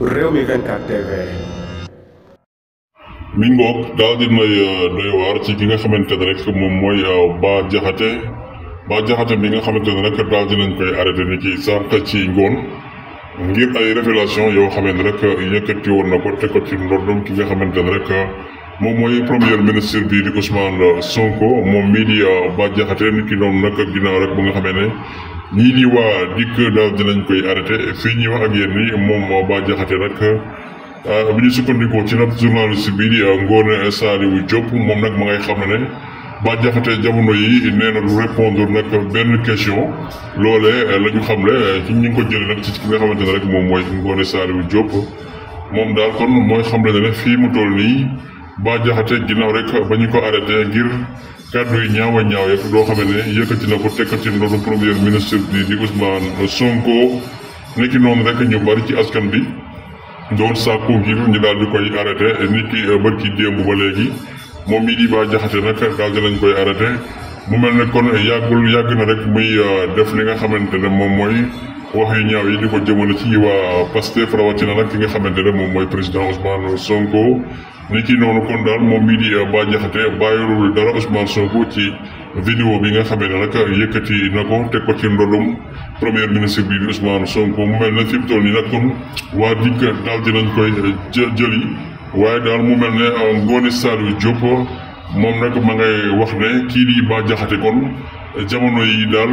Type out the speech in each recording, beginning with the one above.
Rewmi 24 TV. mi ngoog daal di nay euh, doy waar ci ki nga xamante ne rek moom mooy euh, Bah Diakhaté Bah Diakhaté bi nga xamante ne rek daal di nañ koy arrêté ni ki sànq ci ngoon ngir ay révélation yoo xamante ne rek euh, yëkkati woon na ko teg ko ci ndoddum ki nga xamante ne rek moom mooy premier ministre bii di Ousmane Sonko moom mii di Bah Diakhaté nit ki noonu nag ginnaaw rek bu nga xamee ne. nii di waa dikk daal dinañ koy arrêté fii ñuy wax ak yéen ni moom Bah Diakhaté nag ah, bu ñu sukkandikoo ci nag journaliste bii di ah, Ngoné Saliou Diop moom nag ma ngay xam ne ne Bah Diakhaté jamono yi nee na du répondre nag benn question loolee la ñu xamle ci ñi ngi ko jëlee nag ci ki nga xamante ne rek moom mooy Ngoné Saliou Diop moom daal kon mooy xamle ne ne fii mu toll nii Bah Diakhaté ginnaaw rek ba ñu ko arrêté ngir kàddu yi ñaaw a ñaaw yëpp doo xam ne yëkkati na ko tekkati ndoonu premier ministre bi di Ousmane Sonko niki noonu rek ñu bari ci askan bi doon sàkku ngir ñu daal di koy arrêté niki euh, bërki démb ba léegi moom mii di Bah Diakhaté nag daal di nañ koy arrêté mu mel ne kon yàggul yàgg na rek muy euh, def li nga xamante ne moom mooy. wahinya yu ñaaw yi di ko jëmale ci waa pasteur rawatina nag ki nga xamante ne moom mooy président Ousmane Sonko ni ki noonu kon daal moom mii di euh, ba jaxate bàyyilul dara Ousmane Sonko ci vidéo bi nga xamee ne nag yëkkati na ko ci ndodum premier ministre bi Ousmane Sonko mu mel na fi mu toll nii nag kon waa dikk daal dinañ koy euh, jëli waaye daal mu mel ne euh, ngoone Saliou Diop moom nag ma ngay wax ne kii di ba jaxate kon jamono yi daal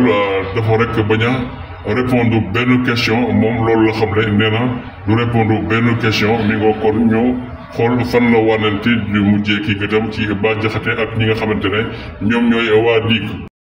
dafa rek bañ répondre benn question moom loolu la xam ne nee na répondre benn question mi nga kon ñoo xool fan la wanante di mujjee ki itam ci ba jaxaté ak ñi nga xamante ne ñoom ñooy waa DIC.